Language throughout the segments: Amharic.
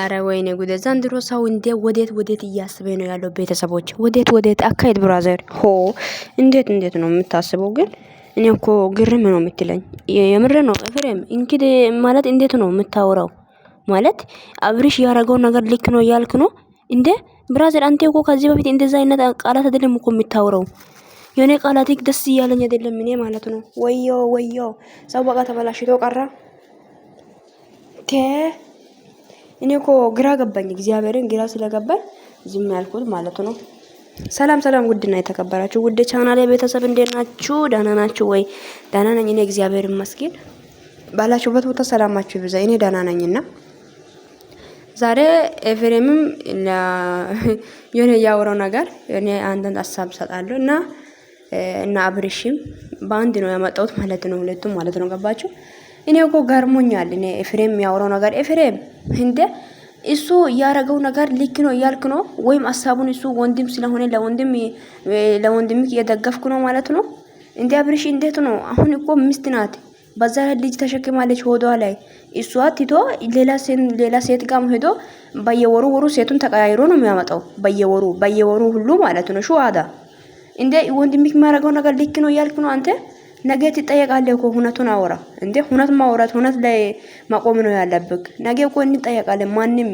አረ ወይኔ ጉዴ! ዘንድሮ ሰው እንዴ ወዴት ወዴት እያስበ ነው ያለው? ቤተሰቦች ወዴት ወዴት አካሄድ ብራዘር ሆ እንዴት እንዴት ነው የምታስበው? ግን እኔ እኮ ግርም ነው የምትለኝ። የምር ነው ኤፍሬም። እንግዲህ ማለት እንዴት ነው የምታወራው? ማለት አብሪሽ ያረገው ነገር ልክ ነው እያልክ ነው እንዴ? ብራዘር አንተ እኮ ከዚህ በፊት እንደዛ አይነት ቃላት አይደለም እኮ የምታወራው የኔ ቃላት ደስ እያለኝ አይደለም እኔ ማለት ነው። ወዮ ወዮ ሰው በቃ ተበላሽቶ ቀራ ቴ እኔ እኮ ግራ ገባኝ። እግዚአብሔርን ግራ ስለገባኝ ዝም ያልኩት ማለት ነው። ሰላም ሰላም፣ ውድና የተከበራችሁ ውድ ቻናል ቤተሰብ እንዴት ናችሁ? ደህና ናችሁ ወይ? ደህና ነኝ እኔ እግዚአብሔር ይመስገን። ባላችሁበት ቦታ ሰላማችሁ ይብዛ። እኔ ደህና ነኝና ዛሬ ኤፍሬምም የሆነ ያወራው ነገር እኔ አንዳንድ ሀሳብ ሰጣለሁ እና እና አብርሽም በአንድ ነው ያመጣሁት ማለት ነው። ሁለቱም ማለት ነው ገባችሁ እኔ እኮ ገርሞኛል። እኔ ኤፍሬም የሚያወራው ነገር ኤፍሬም እንደ እሱ ያረገው ነገር ልክ ነው እያልክ ነው ወይም ሀሳቡን እሱ ወንድም ስለሆነ ለወንድም ለወንድም እየደገፍክ ነው ማለት ነው። እንደ አብርሽ እንዴት ነው አሁን እኮ ሚስት ናት፣ በዛ ልጅ ተሸክማለች ሆዷ ላይ እሷ ትቶ ሌላ ሴት ጋም ሄዶ በየወሩ ወሩ ሴቱን ተቀያይሮ ነው የሚያመጣው በየወሩ በየወሩ ሁሉ ማለት ነው። ሹ አዳ እንደ ወንድምክ የሚያረገው ነገር ልክ ነው እያልክ ነው አንተ ነገ ትጠየቃለ እኮ ሁነቱን አወራ እንዴ ሁነት ማውራት ሁነት ላይ ማቆም ነው ያለብክ። ነገ እኮ እንጠየቃለን። ማንም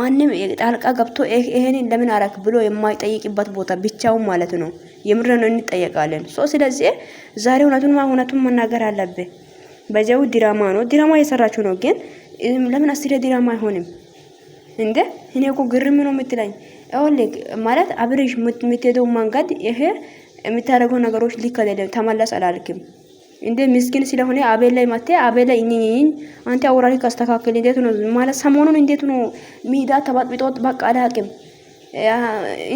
ማንም ጣልቃ ገብቶ ይሄን ለምን አረክ ብሎ የማይጠይቅበት ቦታ ብቻው ማለት ነው። የምር ነው እንጠየቃለን። ሶ ስለዚህ ዛሬ ሁነቱን ማ ሁነቱን መናገር አለብ በዚያው ድራማ ነው ድራማ እየሰራችሁ ነው። ግን ለምን አስሬ ድራማ አይሆንም እንዴ? እኔ እኮ ግርም ነው የምትለኝ። ማለት አብሬሽ የምትሄደው መንገድ ይሄ የምታደርገው ነገሮች ልክ አይደለም። ተመለስ አላልክም እንደ ምስኪን ስለሆነ አቤል ላይ ማቴ አቤል ላይ እኝኝኝ አንተ አውራሪ ካስተካከል እንዴት ነው ማለት ሰሞኑን እንዴት ነው ሚዳ ተባጥብጦት በቃ አላቅም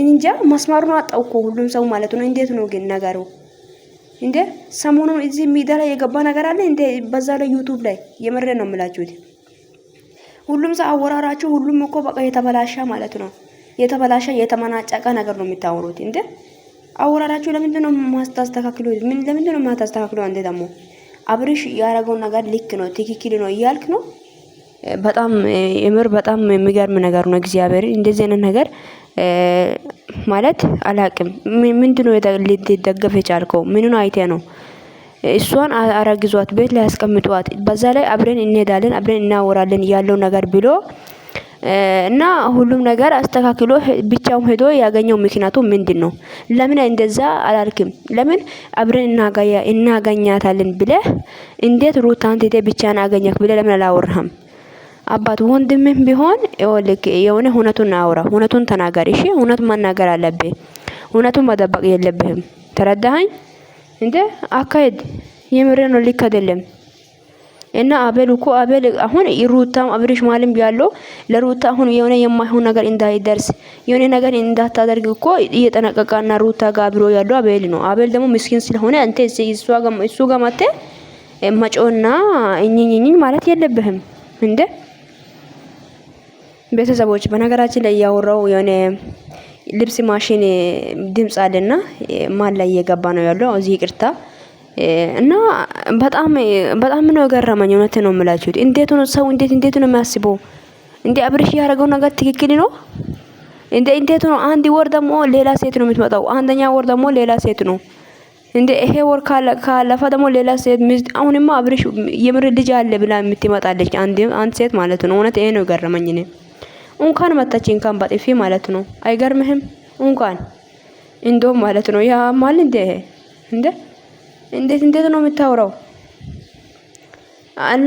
እንጃ መስማሩን አጣው እኮ ሁሉም ሰው ማለት ነው። እንዴት ነው ግን ነገሩ እንዴ? ሰሞኑን እዚህ ሚዳ ላይ የገባ ነገር አለ እንዴ? በዛ ላይ ዩቲዩብ ላይ የምሬ ነው የምላችሁት። ሁሉም ሰው አወራራችሁ ሁሉም እኮ በቃ የተበላሻ ማለት ነው የተበላሻ የተመናጨቀ ነገር ነው የሚታወሩት እንዴ አወራራችሁ ለምንድን ነው ማታስተካክሉ? ምን ለምንድን ነው ማታስተካክሉ? አንተ ደግሞ አብርሽ ያደረገው ነገር ልክ ነው ትክክል ነው እያልክ ነው። በጣም እምር በጣም የሚገርም ነገር ነው። እግዚአብሔር እንደዚህ አይነት ነገር ማለት አላቅም። ምንድን ነው ሊደገፍ የቻልከው? ምንን አይቴ ነው? እሷን አረግዟት ቤት ላይ ያስቀምጧት። በዛ ላይ አብረን እንሄዳለን አብረን እናወራለን ያለው ነገር ብሎ እና ሁሉም ነገር አስተካክሎ ብቻውም ሄዶ ያገኘው ምክንያቱ ምንድን ነው? ለምን እንደዛ አላልክም? ለምን አብረን እናገኛታለን ብለ እንዴት ሩታን ትቴ ብቻን አገኘክ ብለ ለምን አላወራህም? አባት ወንድምም ቢሆን ይወልክ የሆነ ሁነቱን አውራ፣ ሁነቱን ተናገር። እሺ ሁነቱን መናገር አለብህ። ሁነቱን መደበቅ የለብህም። ተረዳኸኝ? እንደ አካሄድ የምሬ ነው፣ ልክ አይደለም። እና አቤል እኮ አቤል አሁን ሩታም አብሪሽ ማለም ቢያሎ ለሩታ አሁን የሆነ የማይሆን ነገር እንዳይደርስ የሆነ ነገር እንዳታደርግ እኮ እየጠነቀቀና ሩታ ጋር አብሮ ያለው አቤል ነው። አቤል ደግሞ ምስኪን ስለሆነ አንተ እሱ ጋር ማተ መጮና እኝኝኝኝ ማለት የለብህም እንደ ቤተሰቦች። በነገራችን ላይ እያወራው የሆነ ልብስ ማሽን ድምጽ አለና ማን ላይ እየገባ ነው ያለው እዚህ ይቅርታ እና በጣም በጣም ነው የገረመኝ። እውነት ነው የምላችሁት። እንዴት ነው ሰው እንዴት እንዴት ነው የሚያስበው? እንዴ አብርሽ ያደረገው ነገር ትክክል ነው እንዴ? እንዴት ነው አንድ ወር ደግሞ ሌላ ሴት ነው የምትመጣው? አንደኛ ወር ደግሞ ሌላ ሴት ነው እንዴ? ይሄ ወር ካለፈ ደግሞ ሌላ ሴት ሚስት። አሁንማ አብርሽ የምር ልጅ አለ ብላ የምትመጣለች አንድ ሴት ማለት ነው። እውነት ይሄ ነው የገረመኝ እኔ። እንኳን መታች እንኳን በጥፊ ማለት ነው። አይገርምህም? እንኳን እንዶ ማለት ነው ያ ማል እንዴ እንዴ እንዴት እንዴት ነው የምታወራው?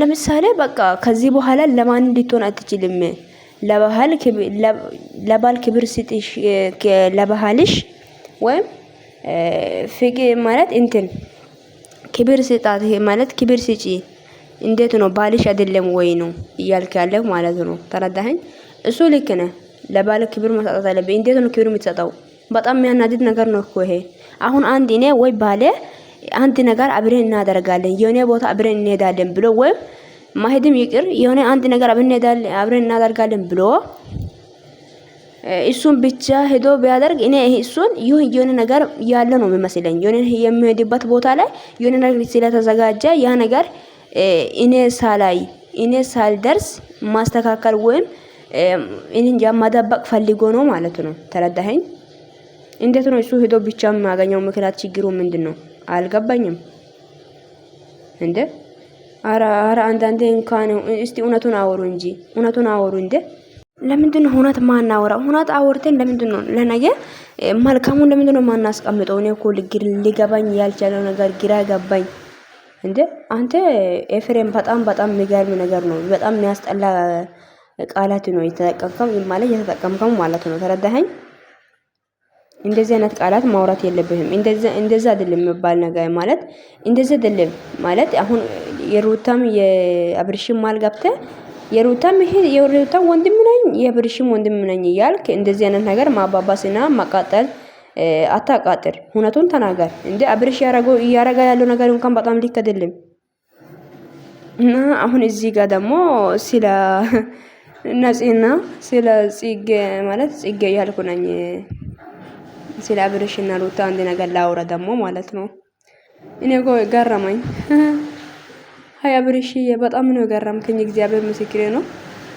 ለምሳሌ በቃ ከዚህ በኋላ ለማን እንድትሆን አትችልም። ለባህል ለባል ክብር ስጥሽ፣ ለባህልሽ ወይም ፍቅር ማለት እንትን ክብር ስጣት ማለት ክብር ስጪ። እንዴት ነው ባልሽ አይደለም ወይ ነው እያልክ ያለ ማለት ነው። ተረዳኸኝ? እሱ ልክ ነህ። ለባል ክብር መስጠት አለብህ። እንዴት ነው ክብር የምትሰጠው? በጣም የሚያናድድ ነገር ነው እኮ ይሄ። አሁን አንድ እኔ ወይ ባሌ አንድ ነገር አብረን እናደርጋለን፣ የሆነ ቦታ አብረን እንሄዳለን ብሎ ወይም ማሄድም ይቅር የሆነ አንድ ነገር አብረን እናደርጋለን ብሎ እሱን ብቻ ሄዶ ቢያደርግ እኔ እሱን ይሁን የሆነ ነገር ያለ ነው የሚመስለኝ። የሆነ የሚሄድበት ቦታ ላይ የሆነ ነገር ስለተዘጋጀ ያ ነገር እኔ ሳላይ እኔ ሳልደርስ ማስተካከል ወይም እኔን ማደበቅ ፈልጎ ነው ማለት ነው። ተረዳኸኝ? እንዴት ነው እሱ ሄዶ ብቻ የሚያገኘው ምክንያት? ችግሩ ምንድን ነው? አልገባኝም። እንደ አረ አንዳንዴ እንኳ ነው። እስቲ እውነቱን አወሩ እንጂ እውነቱን አወሩ እንደ ለምንድን ነው እውነት ማናወራ? እውነት አወርተን ለምንድን ነው ለነገ መልካሙን ለምንድን ነው ማናስቀምጠው? እኔ እኮ ሊገባኝ ያልቻለው ነገር ግራ ገባኝ። እንደ አንተ ኤፍሬም፣ በጣም በጣም የሚገርም ነገር ነው። በጣም የሚያስጠላ ቃላት ነው የተጠቀምከው ማለት የተጠቀምከው ማለት ነው። ተረዳኸኝ? እንደዚህ አይነት ቃላት ማውራት የለብህም። እንደዛ እንደዛ አይደለም የሚባል ነገር ማለት እንደዛ አይደለም ማለት አሁን የሩታም የአብርሽም ማል ገብተህ የሩታም ይሄ የሩታ ወንድም ነኝ የአብርሽም ወንድም ነኝ እያልክ እንደዚህ አይነት ነገር ማባባስና ማቃጠል አታቃጥር። እውነቱን ተናገር። እንደ አብርሽ ያረገው እያረጋ ያለው ነገር እንኳን በጣም ልክ አይደለም እና አሁን እዚህ ጋር ደግሞ ስለ ነጽና ስለ ጽጌ ማለት ጽጌ እያልኩ ነኝ ስለ አብርሽ እና ሩታ አንድ ነገር ላውራ ደግሞ ማለት ነው። እኔ ጎ ገረመኝ። ሀይ አብርሽ በጣም ነው የገረምከኝ። እግዚአብሔር ምስክሬ ነው።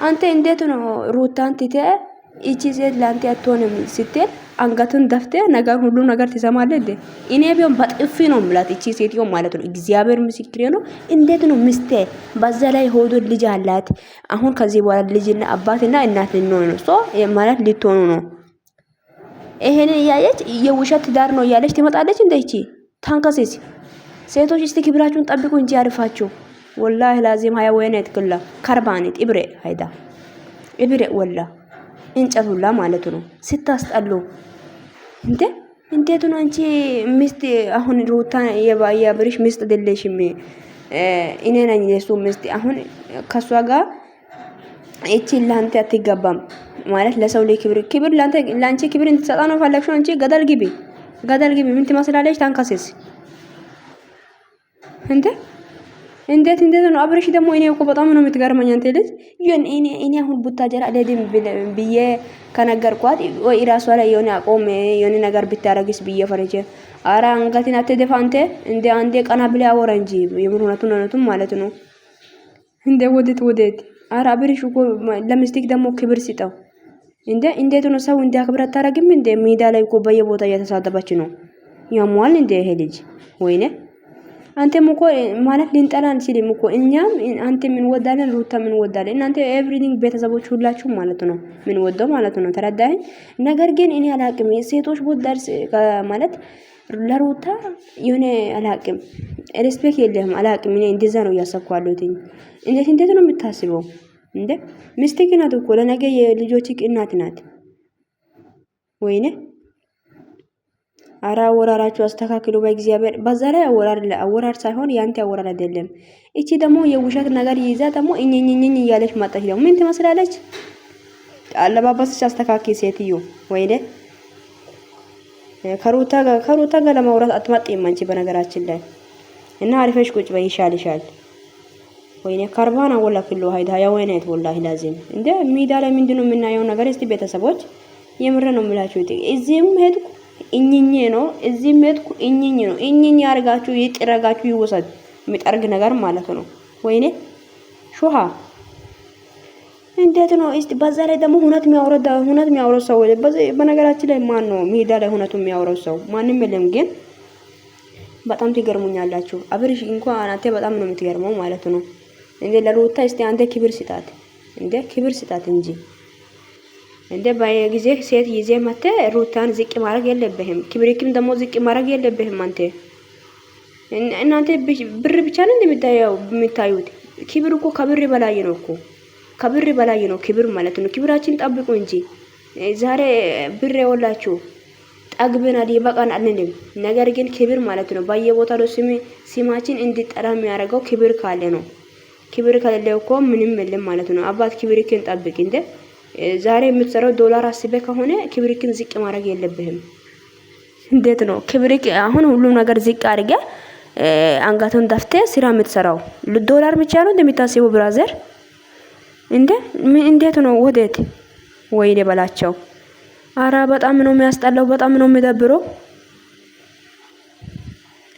አንተ እንዴት ነው ሩታን ትቴ እቺ ሴት ለአንተ አትሆንም ስትል አንገቱን ደፍቴ ነገር ሁሉ ነገር ትሰማለ እንዴ? እኔ ቢሆን በጥፊ ነው ምላት እቺ ሴትዮ ማለት ነው። እግዚአብሔር ምስክሬ ነው። እንዴት ነው ምስቴ፣ በዛ ላይ ሆዶ ልጅ አላት። አሁን ከዚህ በኋላ ልጅና አባትና እናት ልንሆን ነው ማለት ልትሆኑ ነው ይሄንን እያየች የውሸት ትዳር ነው እያለች ትመጣለች። እንደቺ ታንከሴስ ሴቶች እስቲ ክብራችሁን ጠብቁ እንጂ ያርፋችሁ። ወላ ላዚም ሀያ ወይነት ክላ ከርባኔት ኢብሬ ሀይዳ ኢብሬ ወላ እንጨቱላ ማለቱ ነው። ስታስጠሉ እንዴ! እንዴት ነው አንቺ ሚስት አሁን ሩታ የባያ ብርሽ ሚስት አይደለሽም። እኔ ነኝ የሱ ሚስት አሁን ከሷ ጋር እቺ ላንተ አትገባም ማለት ለሰው ላይ ክብር ክብር ላንተ ላንቺ ክብር እንድትሰጣ ነው ፈለግሽው። አንቺ ገደል ግቢ፣ ገደል ግቢ። ምን ትመስላለች? ታንካሴስ እንዴ! እንዴት እንዴት ነው አብረሽ ደግሞ። እኔ እኮ በጣም ነው የምትገርመኝ አንተ ልጅ። ይሄን እኔ እኔ አሁን ቡታ ቡታጀራ ለደም ብዬ ከነገርኳት ወይ ራሷ ላይ የሆነ አቆም የሆነ ነገር ብታረግስ ብዬ ፈረጀ። አራ አንገትን አትደፋ አንተ። እንደ አንዴ ቀና ብለ አወራ እንጂ የምር እውነቱን ማለት ነው። እንዴ ወዴት ወዴት አረ አብርሽ እኮ ለሚስቲክ ደግሞ ክብር ሲጠው እንዴ እንዴት ነው ሰው እንዲያከብር አታረግም? እንዴ? ሜዳ ላይ እኮ በየቦታ እየተሳደበች ነው። ያሟል እንዴ ይሄ ልጅ ወይኔ። አንተም እኮ ማለት ልንጠላ አንችልም እኮ እኛም አንተ ምን ወዳለን ሩታ ምን ወዳለን እናንተ ኤቭሪቲንግ ቤተሰቦች ሁላችሁ ማለት ነው ምን ወደው ማለት ነው ተረዳኸኝ። ነገር ግን እኔ አላቅም ሴቶች ቦታ ማለት ለሩታ የሆነ አላቅም ሬስፔክት የለህም አላቅም። እኔ እንደዛ ነው እያሰብኩ እንዴት እንዴት ነው የምታስበው እንደ ሚስትህ ናት እኮ ለነገ የልጆች እናት ናት። ወይኔ አራ አወራራችሁ አስተካክሉ በእግዚአብሔር። በዛ ላይ አወራር አወራር ሳይሆን ያንተ አወራር አይደለም። እቺ ደግሞ የውሸት ነገር ይዛ ደግሞ እኝኝኝኝ እያለች ማጣች ደግሞ ምን ትመስላለች? አለባበስሽ አስተካክል ሴትዮ ወይኔ ከሩታ ጋር ከሩታ ጋር ለማውራት አትመጣም አንቺ በነገራችን ላይ እና አሪፈሽ ቁጭ በይ ይሻልሻል። ወይኔ ካርባና ወላ ፍሎ ሀይዳ ያ ወይኔ ወላሂ ላዚም እንደ ሚዳ ላይ ምንድነው የምናየው ነገር? እስቲ ቤተሰቦች የምር ነው የምላችሁ። እዚህም ሄድኩ እኝኝ ነው፣ እዚህም ሄድኩ እኝኝ ነው። እኝኝ አርጋችሁ ይጥረጋችሁ ይወሰድ የሚጠርግ ነገር ማለት ነው። ወይኔ ሹሃ እንዴት ነው እስቲ? በዛ ላይ ደግሞ ሁነት የሚያወረዳ ሁነት የሚያወረው ሰው በነገራችን ላይ ማን ነው ሜዳ ላይ ሁነቱ የሚያወረው ሰው? ማንም የለም። ግን በጣም ትገርሙኛላችሁ። አብርሽ እንኳን አንተ በጣም ነው የምትገርመው ማለት ነው። እንዴ ለሩታ እስቲ አንተ ክብር ስጣት፣ እንዴ ክብር ስጣት እንጂ እንዴ በጊዜ ሴት ይዜ መተ ሩታን ዝቅ ማድረግ የለብህም። ክብሪክም ደግሞ ዝቅ ማድረግ የለብህም። አንተ እናንተ ብር ብቻ ነው እንደምታዩት። ክብር እኮ ከብር በላይ ነው እኮ ከብር በላይ ነው ክብር ማለት ነው። ክብራችን ጠብቁ እንጂ ዛሬ ብር የወላችሁ አዲ በቃን አንልም። ነገር ግን ክብር ማለት ነው በየቦታው ስም ስማችን እንዲጠራ የሚያደርገው ክብር ካለ ነው። ክብር ከሌለ እኮ ምንም የለም ማለት ነው። አባት ክብርክን ጠብቅ እንደ ዛሬ የምትሰራው ዶላር አስበ ከሆነ ክብርክን ዝቅ ማድረግ የለብህም። እንዴት ነው ክብርክ? አሁን ሁሉም ነገር ዝቅ አድርገ አንጋቱን ደፍቴ ስራ የምትሰራው ዶላር ብቻ ነው እንደሚታስበው ብራዘር እንዴ እንዴት ነው ወዴት? ወይኔ በላቸው። አራ በጣም ነው የሚያስጠላው፣ በጣም ነው የሚደብረው።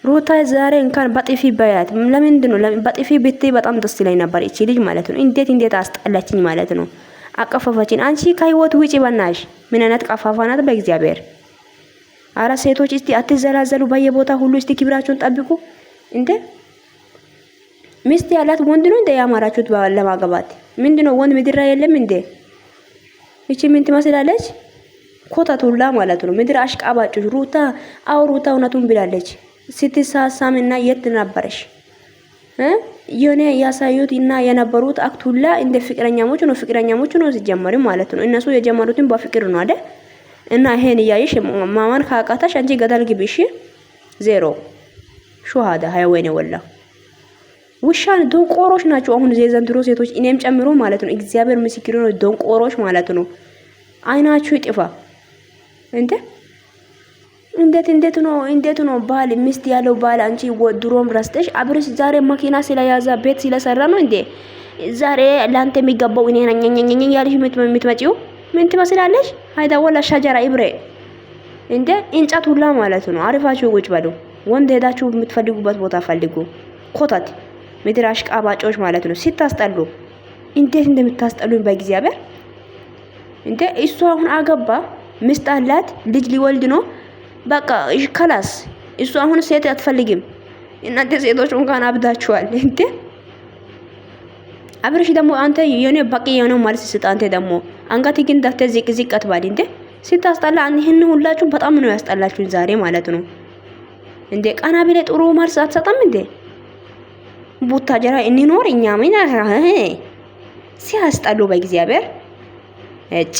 ሩታ ዛሬ እንኳን በጥፊ በያት። ለምንድን ነው በጥፊ ብትይ በጣም ደስ ይለኝ ነበር። እቺ ልጅ ማለት ነው እንዴት እንዴት አስጠላችኝ ማለት ነው። አቀፈፈችን። አንቺ ከህይወት ውጪ በናሽ። ምን አይነት ቀፋፋ ናት! በእግዚአብሔር አራ ሴቶች እስቲ አትዘላዘሉ። በየቦታ ሁሉ እስቲ ክብራችሁን ጠብቁ እንዴ ሚስት ያላት ወንድ ነው እንደ ያማራችሁት ለማገባት ምንድነው? ወንድ ምድር የለም እንዴ? እቺ ምን ትመስላለች? ኮታቱላ ማለት ነው። ምድር አሽቃባጭ ሩታ። አው ሩታ እውነቱን ብላለች። ስትሳሳምና የት ነበረሽ? የሆነ ያሳዩት እና የነበሩት አክቱላ እንደ ፍቅረኛሞች ነው። ፍቅረኛሞች ነው ሲጀመሩ ማለት ነው። እነሱ የጀመሩትን በፍቅር ነው አይደል? እና ይሄን እያየሽ ማማን ካቃታሽ አንቺ ገደል ግቢሽ ዜሮ ሹሃዳ ወይኔ ወላ ውሻን ደንቆሮች ናቸው። አሁን የዘንድሮ ሴቶች እኔም ጨምሮ ማለት ነው። እግዚአብሔር ምስክር ነው። ደንቆሮች ማለት ነው። አይናችሁ ይጥፋ እንዴ! እንዴት እንዴት ነው እንዴት ነው ባል ሚስት ያለው ባል አንቺ ድሮም ረስተሽ አብረሽ ዛሬ መኪና ስለያዛ ቤት ስለሰራ ነው እንዴ ዛሬ ላንተ የሚገባው እኔ ነኝ ያልሽ የምትመጪው ምን ትመስላለሽ? አይዳ ወላ ሻጀራ ይብሬ እንዴ እንጨት ሁላ ማለት ነው። አሪፋችሁ ቁጭ በሉ። ወንድ ሄዳችሁ የምትፈልጉበት ቦታ ፈልጉ። ኮታት ምድር አሽቃባጮች ማለት ነው። ሲታስጠሉ እንዴት እንደምታስጠሉኝ በእግዚአብሔር እንደ እሱ አሁን አገባ ሚስት አላት ልጅ ሊወልድ ነው። በቃ ከላስ እሱ አሁን ሴት አትፈልግም። እናንተ ሴቶች እንኳን አብዳችኋል እንዴ! አብረሽ ደግሞ አንተ የኔ በቂ የሆነ ማለት ስጥ። አንተ ደግሞ አንገት ግን ዳተ ዚቅ ዚቅ አትባል እንዴ! ስታስጠላ ይህን ሁላችሁ በጣም ነው ያስጠላችሁን ዛሬ ማለት ነው እንዴ! ቀና ጥሩ መልስ አትሰጠም እንዴ? ቡታጀራ እንኖር እኛ ምን ሲያስጠሉ በእግዚአብሔር እጭ